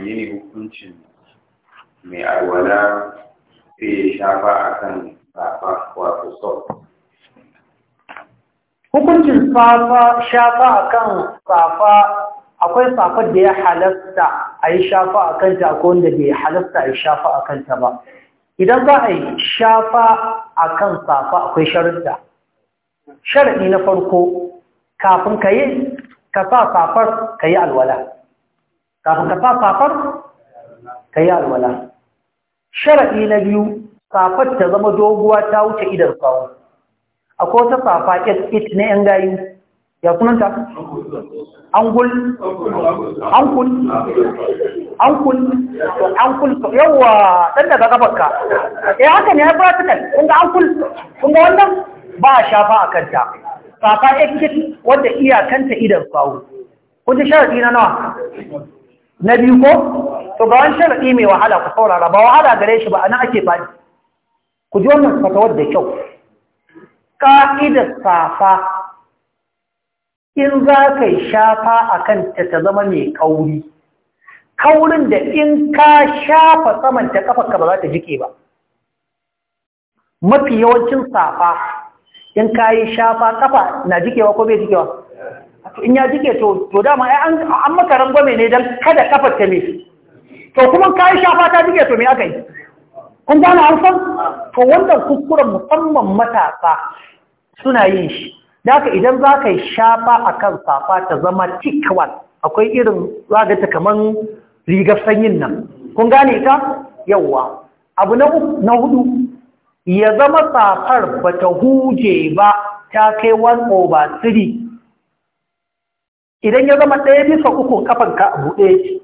menene hukuncin mai alwala sai shafa akan safa wato soft hukuncin safa shafa akan safa akwai safar da ya halasta a yi shafa a kanta akwai wanda bai halasta a yi shafa a kanta ba idan za a yi shafa a kan safa akwai sharuɗa sharaɗi na farko kafin ka yi ka sa safar ka yi alwala kafin ka sa safar ka yi alwala sharaɗi na biyu Kafar ta zama doguwa ta wuce idar sawu akwai wata fafa it na yan gayi ya sunanta angul angul angul to angul to yawa dan daga gabarka ya eh, haka ne ya practical kun ga angul kun ga wannan ba a shafa a kanta safa it wanda iyakanta idar kawo kun ji sharaɗi na nawa na biyu ko to ba wani sharaɗi mai wahala ku saurara ba wahala gare shi ba ana ake faɗi ku ji wannan fatawar da kyau ƙa'idar safa in za ka yi shafa a kanta ta zama mai kauri kaurin da in ka shafa saman ta ƙafa ka ba za ta jike ba mafi yawancin safa in ka yi shafa ƙafa na jikewa ko bai jikewa in ya jike to to dama ai an an maka rangwame ne dan kada kafar ta me to kuma kai shafa ta jike to me aka yi kun gane harfan to wannan kuskuren musamman matasa suna yin shi Daka idan za ka shafa akan safa ta zama tikwal, akwai irin zagata kamar rigar sanyin nan. Kun gane ita? Yawwa. Abu na hudu, ya zama safar ba ta huje ba ta kai 1 over idan ya zama ɗaya bisa uku kafanka a buɗe yake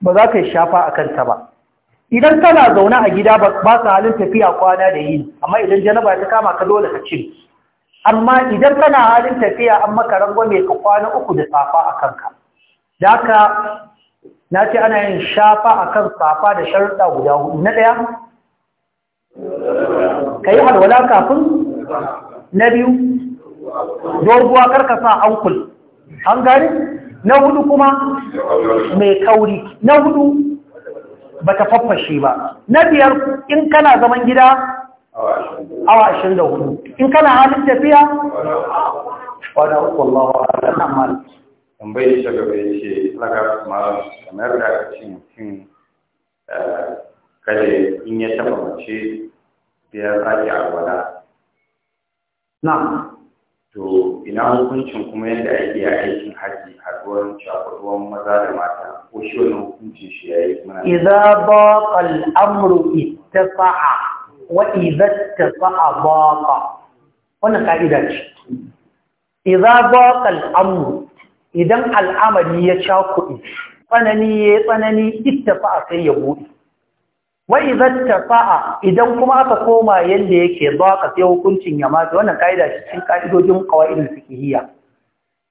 ba za ka yi shafa a kanta ba idan tana zaune a gida ba su halin tafiya kwana da yi amma idan janaba ta kama ka dole ka cire amma idan tana halin tafiya an maka rangwame ka kwana uku da safa a kanka da aka na ce ana yin shafa a kan safa da sharuɗa guda hudu na ɗaya ka yi halwala kafin na biyu doguwa karkasa ankul an gari na hudu kuma mai kauri na hudu ba ta faffashe ba na biyar in kana zaman gida awa ashirin da hudu in kana halin tafiya wadda wallahu ala amal tambayi ta gaba ya ce laga kuma kamar da ka ce mutum eh, kare in ya taba mace biyar zaki wada na to ina hukuncin kuma yadda ake a aikin haji haduwar shafaduwar maza da mata ko shi wani hukuncin shi ya yi mana idza baqa al-amru ittafa'a wa idza ittafa'a baqa wannan ka'ida ce idza baqa al-amru idan al'amari ya cakuɗe tsanani ya tsanani ittafa'a sai ya buɗe wa idza tafa'a idan kuma aka koma yadda yake baka sai hukuncin ya mata wannan kaida shi cikin kaidojin qawaidul fiqhiyya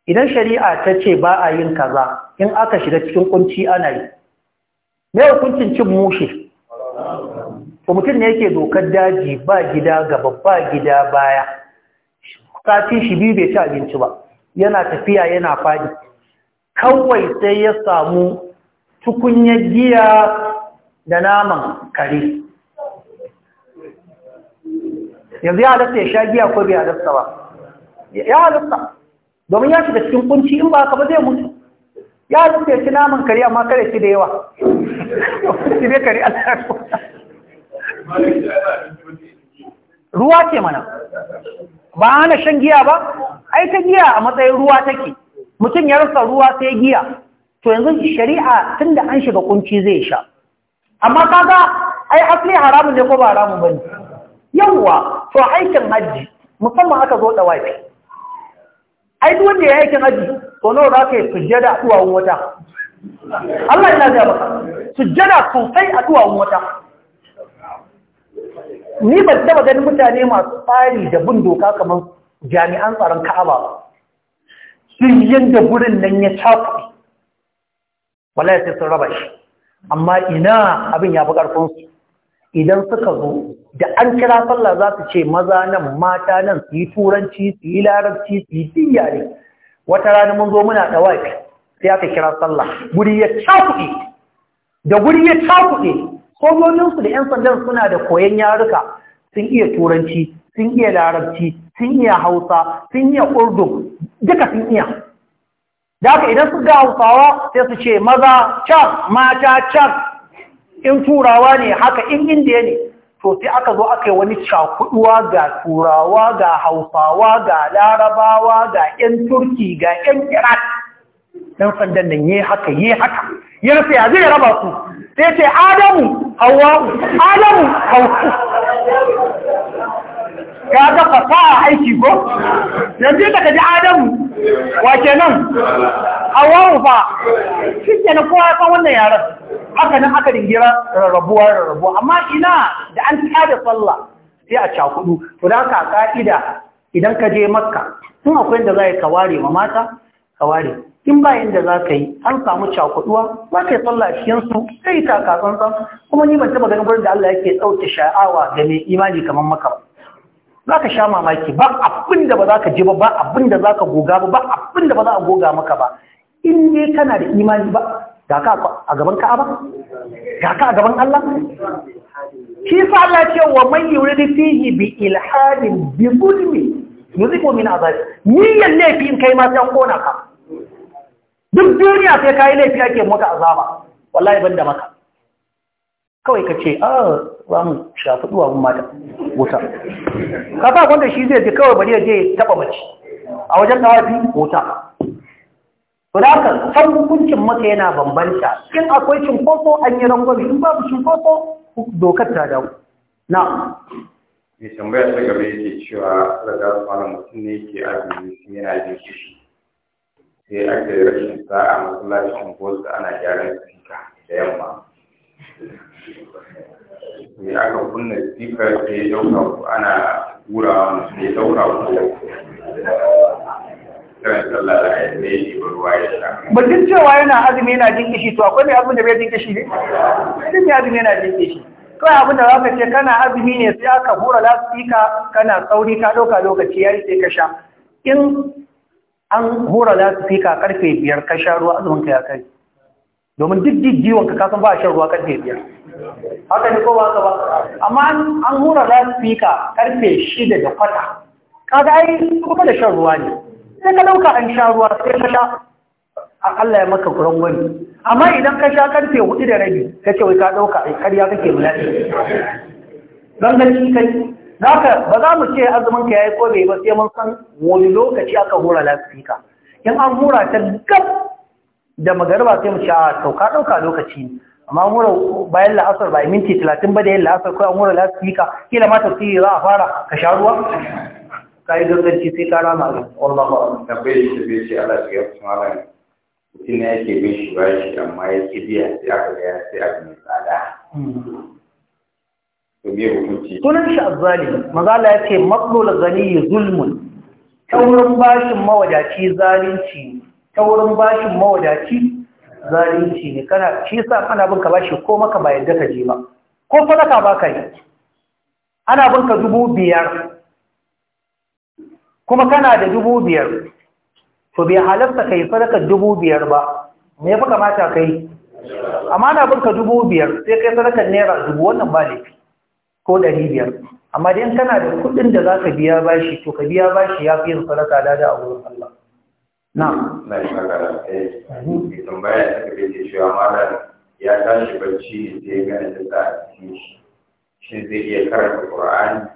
idan shari'a ta ce ba a yin kaza in aka shiga cikin kunci ana yi me hukuncin cin mushe to mutum ne yake dokar daji ba gida gaba ba gida baya sati shi biyu bai ci abinci ba yana tafiya yana fadi kawai sai ya samu tukunyar giya da naman kare yanzu ya halatta ya sha giya ko bai halatta ba ya halatta domin ya shiga cikin kunci in ba ka ba zai mutu ya halatta ya ci naman kare amma kare shi da yawa shi ne kare Allah ruwa ce mana ba hana shan giya ba ai ta giya a matsayin ruwa take mutum ya rasa ruwa sai giya to yanzu shari'a tunda an shiga kunci zai sha amma kaga ai asali haramun ne ko ba haramun bane yawa to aikin hajji musamman aka zo da wifi ai duk wanda ya aikin hajji to nawa za ka yi sujjada a duwawun wata Allah yana ga maka sujjada sosai a duwawun wata ni ba taba ganin mutane masu tsari da bin doka kamar jami'an tsaron Ka'aba ba sun yanda gurin nan ya tafi wallahi sai sun raba shi amma ina abin ya fi ƙarfinsu idan suka zo da an kira sallah za su ce maza nan mata nan su yi turanci su yi larabci su yi diyare wata rana mun zo muna da wafi sai aka kira sallah guri ya cakuɗe da guri ya cakuɗe sojojinsu da 'yan sandan suna da koyon yaruka sun iya turanci sun iya larabci sun iya hausa sun iya urdu duka sun iya da haka idan su ga hausawa sai su ce maza can mata can in turawa ne haka in indiya ne to sai aka zo aka yi wani cakuduwa ga turawa ga haufawa, ga larabawa ga 'yan turki ga 'yan kirat dan sandan nan yi haka yi haka ya rufe ya zai raba su sai ce adamu hawa adamu hawa'u ka ga a aiki ko yanzu da ka ji adamu wa kenan hawawu fa shi na kowa ya wannan yaran haka nan aka dingira rarrabuwa rarrabuwa amma ina da an tada sallah sai a cakudu to da ka ka'ida idan ka je makka tun akwai inda za ka kaware ma mata kaware. in ba inda za ka yi an samu cakuduwa za ka yi sallah cikin su sai ka kasan kuma ni ban taba ganin gurin da Allah yake ɗauke sha'awa game mai imani kamar maka ba za ka sha mamaki ba abin da ba za ka ji ba ba abin da za ka goga ba ba abin da ba za a goga maka ba in ne kana da imani ba ga ka a gaban ka'aba ga ka a gaban Allah shi sa Allah ce wa man yuridu fihi bi ilhadin bi zulmi yuzifu min azab niyyan in kai ma sai kona ka duk duniya sai kai laifi ake maka azaba wallahi banda maka kawai ka ce ah Bamu shafi duwawun mata wuta kafa wanda shi zai ji kawai bari ya je taba mace a wajen tawafi wuta to da san hukuncin maka yana bambanta in akwai cinkoso an yi rangwami in babu cinkoso dokar ta dawo na mai tambaya ta gaba yake cewa raga kwana mutum ne ke azumi sun yana jin shi? sai ake rashin sa'a masu masallacin gosu ana gyaran sika da yamma ya aka kunna speaker da ya dauka ana gura mutum ya dauka ko duk cewa yana azumi yana jin kishi to akwai mai abin da bai jin kishi ne? Duk mai azumi yana jin kishi. Kawai abin da zaka ce kana azumi ne sai aka hura lasfika kana tsauri ka ɗauka lokaci ya yi sai ka sha. In an hura lasfika karfe biyar ka sha ruwa azumin ka ya kai. domin duk jijjiwon ka kasan ba shan ruwa karfe biyar haka ne ba ka ba amma an hura ka karfe shida da kwata kaga ai kuma da shan ruwa ne sai ka dauka an sha ruwa sai ka sha A Allah ya maka kuran wani amma idan ka sha karfe hudu da rabi ka ce wai ka dauka ai karya kake bula'i gangaci kai zaka ba za mu ce azumin ka yayi ko bai ba sai mun san wani lokaci aka hura lafika in an hura ta gab da magarba sai mu ci a ah, sauka ɗauka lokaci amma mura bayan la'asar ba minti talatin ba da yin la'asar kawai mura lafika kila ma yi za a fara ka sha ruwa ka yi ganganci sai ka rama ga wallah ba tambaye shi bai shi Allah ya fi ne. mutum ne yake bin shi ba shi amma ya ki biya sai aka ga sai aka mai tsada to me sunan shi azali maza Allah ya ce maqlul ghani zulmun taurin bashin mawadaci zalunci ta wurin bashin mawadaci zalunci ne kana shi yasa ana bin ka bashi ko maka ba yadda ka je ba ko sadaka ba ka yi ana bin ka dubu biyar kuma kana da dubu biyar to bai halarta ka yi sadaka dubu biyar ba me ya fi kamata ka yi amma ana bin ka dubu biyar sai kai sadakar naira dubu wannan ba laifi ko ɗari biyar amma dai kana da kuɗin da za ka biya bashi to ka biya bashi ya fi yin sadaka lada a wurin Allah na na shi ɗaya, da bayan mai tambaya da suka bai cewa malam ya tashi bacci ne sai ya gane da sa shi shi zai iya karanta qur'ani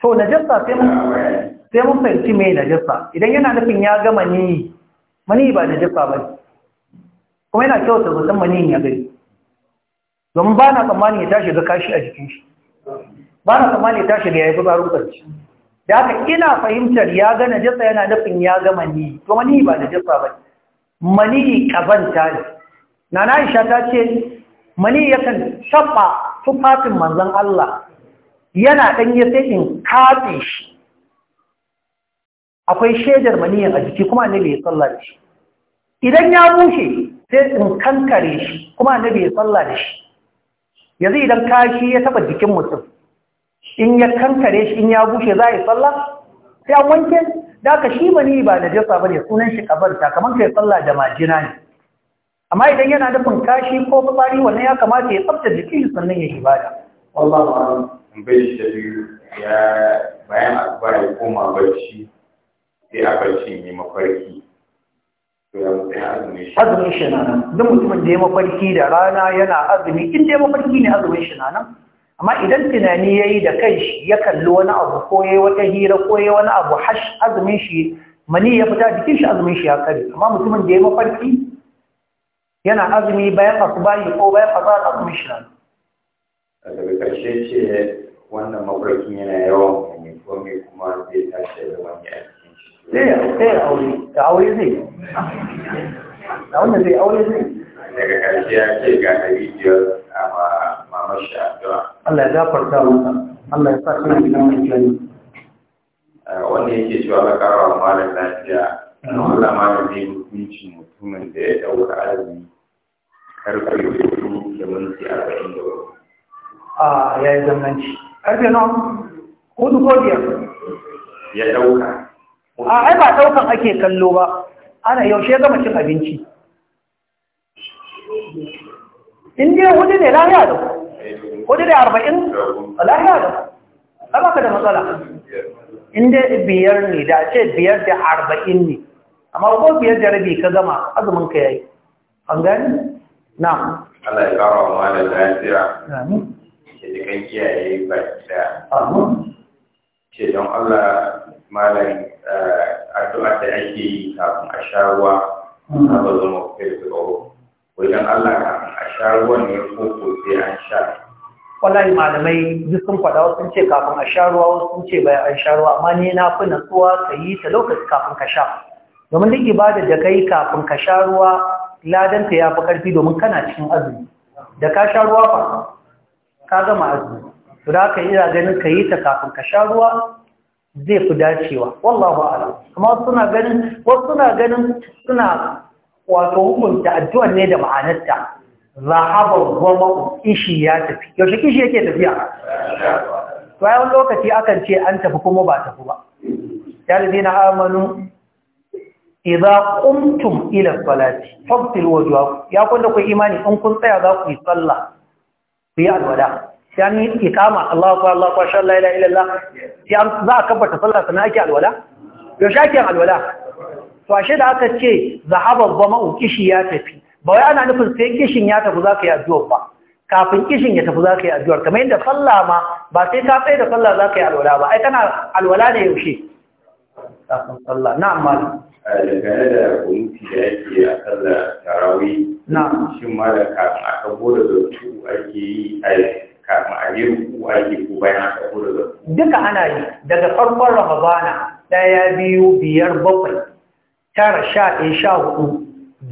to najasa sai mun sai mun fahimci me najasa idan yana nufin ya gama ni mani ba najasa ba kuma yana kyauta zaton mani ya gari domin ba na tsammani ya tashi ga kashi a jikin shi ba na tsammani ya tashi da ya yi fitsarin ƙarshe da haka ina fahimtar ya ga najasa yana nufin ya ga mani to mani ba najasa ba mani ta ne nana Aisha ta ce mani yakan taba tufafin manzon Allah yana ɗanye sai in katse shi akwai shaidar maniyan a jiki kuma annabi ya tsalla da shi idan ya bushe sai in kankare shi kuma annabi ya tsalla da shi yanzu idan kashi ya taba jikin mutum in ya kankare shi in ya bushe za a yi tsalla sai an wanke da aka shi ni ba da jasa ba ne sunan shi ta kamar yi sallah da majina ne amma idan yana nufin kashi ko fitsari wannan ya kamata ya tsabta jikin sannan ya ibada bai da biyu ya bayan ya koma barci sai a barci ne mafarki azumin shi na nan duk mutumin da ya mafarki da rana yana azumi in da ya mafarki ne azumin shi na nan amma idan tunani ya yi da shi ya kalli wani abu ko ya yi wata hira ko ya yi wani abu hash azumin shi mani ya fita jikin shi azumin shi ya kare amma mutumin da ya mafarki yana azumi bayan asubahi ko bayan azar azumin shi nan daga karshe ce wannan mafarkin yana yawan mai kome kuma zai tashi da wani a cikin shi sai ya aure da aure zai da wannan zai aure zai daga karshe ya ce ga ɗari Allah ya gafarta masa Allah ya sa shi cikin mutane eh, wanda yake cewa ka kara wa malam lafiya Allah ma ya ne mutunci mutumin da ya daura azumi karfe hudu da minti arba'in da hudu a ya yi zamanci karfe nawa hudu ko biyar ya dauka a ai ba daukan ake kallo ba ana yaushe ya gama cin abinci in dai hudu ne lafiya da ku hudu da arba'in lafiya da ba ka da matsala inda biyar ne da ce biyar da arba'in ne amma ko biyar da rabi ka gama azumin ka yayi an gani na Allah ya kara wa malam lafiya amin ke da kan kiyaye ba da amin ce don Allah malam eh, addu'a da ake yi kafin a sha ruwa na hmm. ba zama kai da wai don Allah kafin a sha ruwa ne ko ko sai an sha wallahi malamai duk sun faɗa wasu sun ce kafin a sha ruwa wasu sun ce bayan an sha ruwa amma ni na fi natsuwa ka yi ta lokaci kafin ka sha domin duk ibada da kai kafin ka sha ruwa ladanta ya fi ƙarfi domin kana cikin azumi da ka sha ruwa fa ka gama azumi to da ka ina ganin ka yi ta kafin ka sha ruwa zai fi dacewa wallahu a'lam kuma suna ganin wasu suna ganin suna wato hukunta addu'ar ne da ma'anarta zahaba goma ishi ya tafi yaushe kishi yake tafiya to ai wani lokaci akan ce an tafi kuma ba tafi ba ya ladina amanu idza qumtum ila salati fabtil wajhakum ya kun da ku imani in kun tsaya za ku yi sallah ku yi alwada sai an yi ikama Allahu akbar Allahu akbar shallallahu la ilaha illallah sai an za a kabbata sallah sana ake alwada? yaushe ake alwada? to ashe da aka ce zahaba goma kishi ya tafi ba wai ana nufin sai kishin ya tafi za ka yi addu'ar ba kafin kishin ya tafi za ka yi addu'ar kamar yadda sallah ma ba sai ka tsaye da sallah za ka yi alwala ba ai kana alwala ne yaushe kafin sallah na amma dangane da kunci da yake a sallar tarawih na shi ma da kafin a kabo da zartu ake yi a kafin a yi ruku ake ko bayan a kabo da zartu duka ana yi daga farkon ramadana ɗaya biyu biyar bakwai tara sha ɗaya sha hudu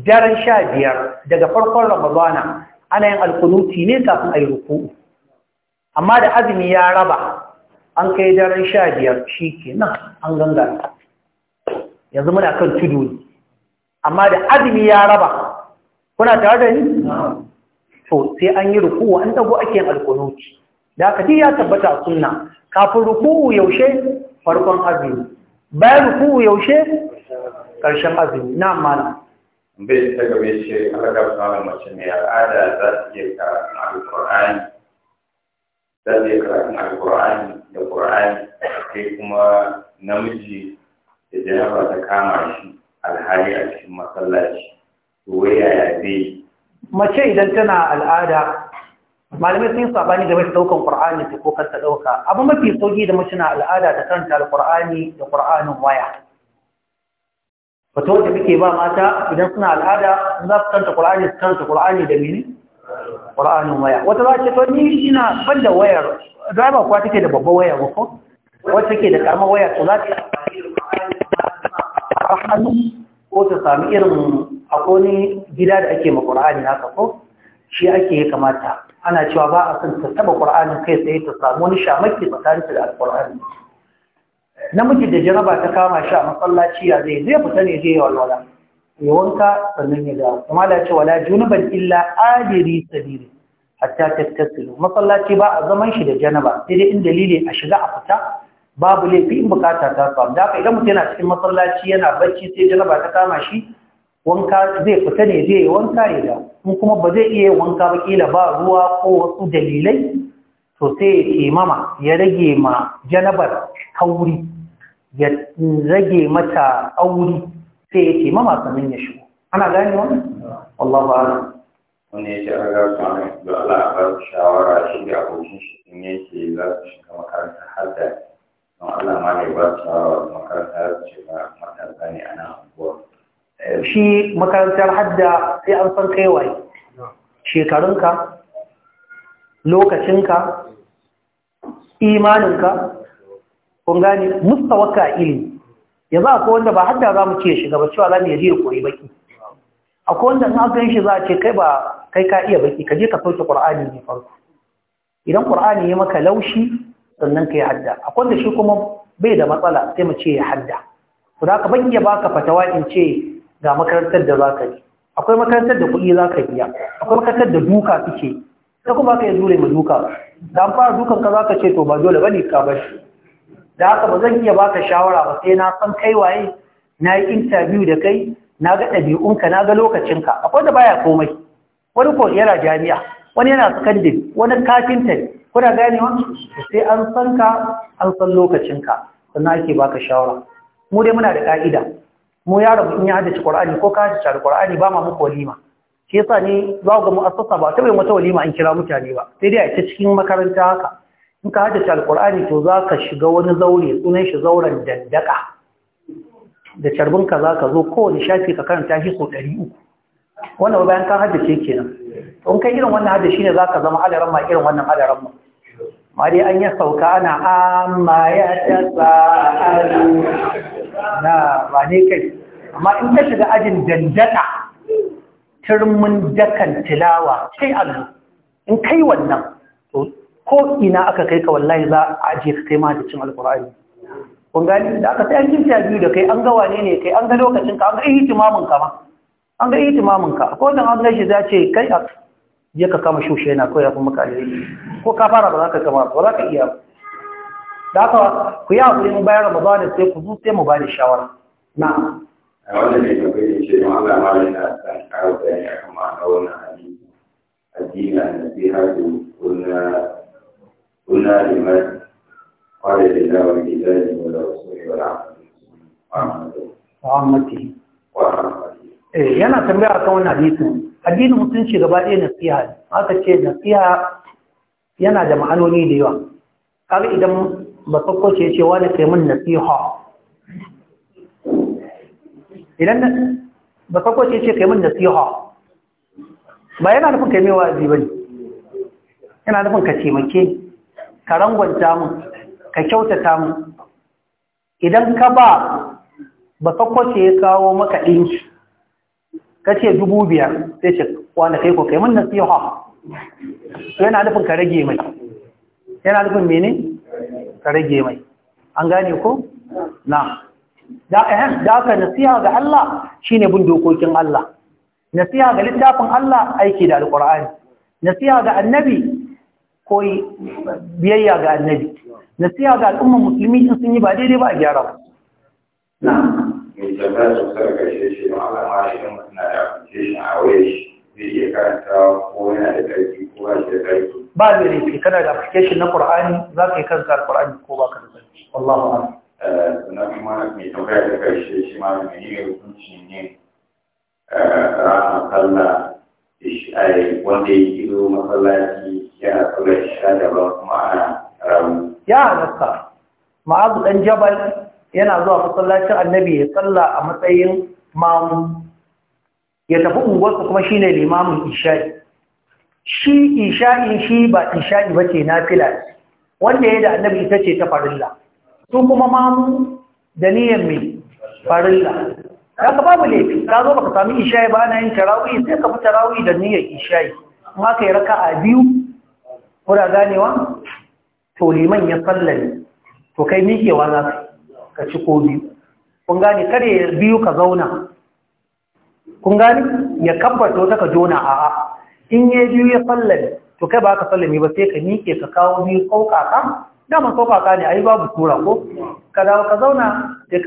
daren sha biyar daga farkon ramadana ana yin alkunuti ne kafin a yi ruku amma da azumi ya raba an kai daren sha biyar shi ke nan an ganga yanzu muna kan tudu ne amma da azumi ya raba kuna tare da ni? to sai an yi ruku an dago ake yin alkunuti da aka ya tabbata suna kafin ruku yaushe farkon azumi bayan ruku yaushe ƙarshen azumi na mana bai ta gaba ya ce aka gaba mace mai al'ada za su iya karatun alkur'ani za ta iya karatun alkur'ani da kur'ani sai kuma namiji da janaba ta kama shi alhali a cikin masallaci to wai yaya zai mace idan tana al'ada malamai sun sabani game da daukan qur'ani ko ta dauka abu mafi sauki da mace na al'ada ta karanta alqur'ani da qur'anin waya fatawa da muke ba mata idan suna al'ada in za su kanta Qur'ani su kanta Qur'ani da mini Qur'anin waya wata za ta to ni ina ban da wayar driver kuwa take da babban waya ko wata take da karamar waya to za ta yi ko ta sami irin akwai gida da ake ma Qur'ani haka ko shi ake ya kamata ana cewa ba a son ta taɓa Qur'anin kai tsaye ta samu wani shamaki tsakaninta da al namiji da jaraba ta kama shi a masallaci ya zai zai fita ne zai walwala ya wanka sannan ya dawo kuma da ce wala junuban illa ajiri sabiri hatta tattasilu masallaci ba a zaman shi da janaba sai dai in dalili a shiga a fita babu laifi in bukata ta samu da haka idan mutum yana cikin masallaci yana bacci sai janaba ta kama shi wanka zai fita ne zai wanka ya dawo in kuma ba zai iya wanka ba kila ba ruwa ko wasu dalilai to sai ya mama ya rage ma janabar kauri ya rage mata auri sai ya ce mama min ya shigo ana gane wani Allah ba wani ya ce an ga su da Allah a shawara shi ga abokin shi in yake za su shiga makaranta har da don Allah ma ne ba shawara makaranta har ce ba makaranta ne ana anguwa shi makarantar hadda sai an san kai waye shekarunka lokacinka imaninka kun gane mustawaka ilimi yanzu akwai wanda ba hadda za mu ce shiga ba cewa za mu yaje ya koyi baki akwai wanda in aka shi za a ce kai ba kai ka iya baki ka je ka sauke qur'ani ne farko idan qur'ani ya maka laushi sannan ka hadda akwai wanda shi kuma bai da matsala sai mu ce ya hadda to da ka ban ya baka fatawa in ce ga makarantar da zaka yi akwai makarantar da kuɗi zaka biya akwai makarantar da duka kike sai kuma ka yi zure mu duka dan fara dukan ka zaka ce to ba dole bane ka bar shi da haka ba zan iya baka shawara ba sai na san kai waye na yi interview da kai na ga ka na ga lokacinka akwai da baya komai wani ko yana jami'a wani yana sakandare wani kafinta ne kuna ganewa sai an san ka an san lokacinka sannan ake baka shawara mu dai muna da ka'ida mu ya rabu in ya haddace Qur'ani ko ka haddace Qur'ani ba ma muku walima shi yasa ne za ga assasa ba ta bai mata walima an kira mutane ba sai dai a cikin makaranta haka in ka haddace alkur'ani to za ka shiga wani zaure sunan shi zauren dandaka da carbinka za ka zo kowane shafi ka karanta shi sau ɗari uku wannan bayan ka haddace kenan in kai irin wannan haddace ne za ka zama alaramma irin wannan alaramma ma dai an yi sauka ana amma ya tasa'alu na ba ne kai amma in ka shiga ajin dandaka turmin dakan tilawa sai allo in kai wannan ko ina aka kai ka wallahi za a aje ka kai mahadicin alkur'ani kun gani da aka sai an jinta biyu da kai an ga wane ne kai an ga lokacin ka an ga ihtimamin ka ma an ga ihtimamin ka ko dan an ga za ce kai a je ka kama shushe na ko ya kuma maka alheri ko ka fara ba za ka kama ba za ka iya ba da aka ku yi hakuri mu bayar ramadan sai ku zo sai mu ba da shawara na a wannan ne da kai ce ma Allah ma yana san kawo da ya kama a wannan hadisi addini nasiha ko na قلنا لمن قال لله ولله ولرسوله ولعامته وعامته yana akan wannan gaba ɗaya nasiha ne ce yana da ma'anoni da yawa kaga idan ba sako ce ce wani kai mun nasiha idan ba sako ce ce kai mun nasiha ba yana nufin kai mai wa'azi bane yana nufin ka taimake ka rangwanta mu ka kyautata mu idan ka ba ba kwace ya kawo maka ɗinki ka ce dubu biyar sai ce wanda kai ko kai mun nasiha yana nufin ka rage mai yana nufin mene ka rage mai an gane ko na da eh, da aka nasiha ga Allah shine bin dokokin Allah nasiha ga littafin Allah aiki da alqur'ani nasiha ga annabi koyi biyayya ga annabi nasiha ga al'ummar musulmi in sun yi ba daidai ba a gyara ba na mai tambaya sosai ga shi shi ma alama idan mutum na da application a wayar shi zai iya karanta ko yana da ƙarfi ko ba shi da ƙarfi ba zai laifi kana da application na qur'ani za ka yi kanka qur'ani ko ba ka da ƙarfi wallahu a'lam sannan kuma mai tambaya ta ƙarshe shi ma mai yi hukunci ne ranar sallah wanda ya kiro masallaci yana kula ya halatta ma'azu jabal yana zuwa masallacin annabi ya tsalla a matsayin mamu ya tafi unguwarsa kuma shine limamin isha'i shi isha'i shi ba isha'i bace fila. wanda ya da annabi ita ce ta farilla su kuma mamu da niyan mai farilla ya ka babu laifi ka zo baka sami isha'i ba na yin tarawih sai ka fi tarawih da niyan isha'i in aka yi raka'a biyu kuna ganewa to liman ya sallame to kai miƙewa za ka ci ko biyu kun gane kada ya biyu ka zauna kun gane ya to ta ka jona a'a in ya biyu ya sallame to kai ba ka sallame ba sai ka miƙe ka kawo biyu sauƙaƙa dama sauƙaƙa ne ai babu tura ko ka dawo ka zauna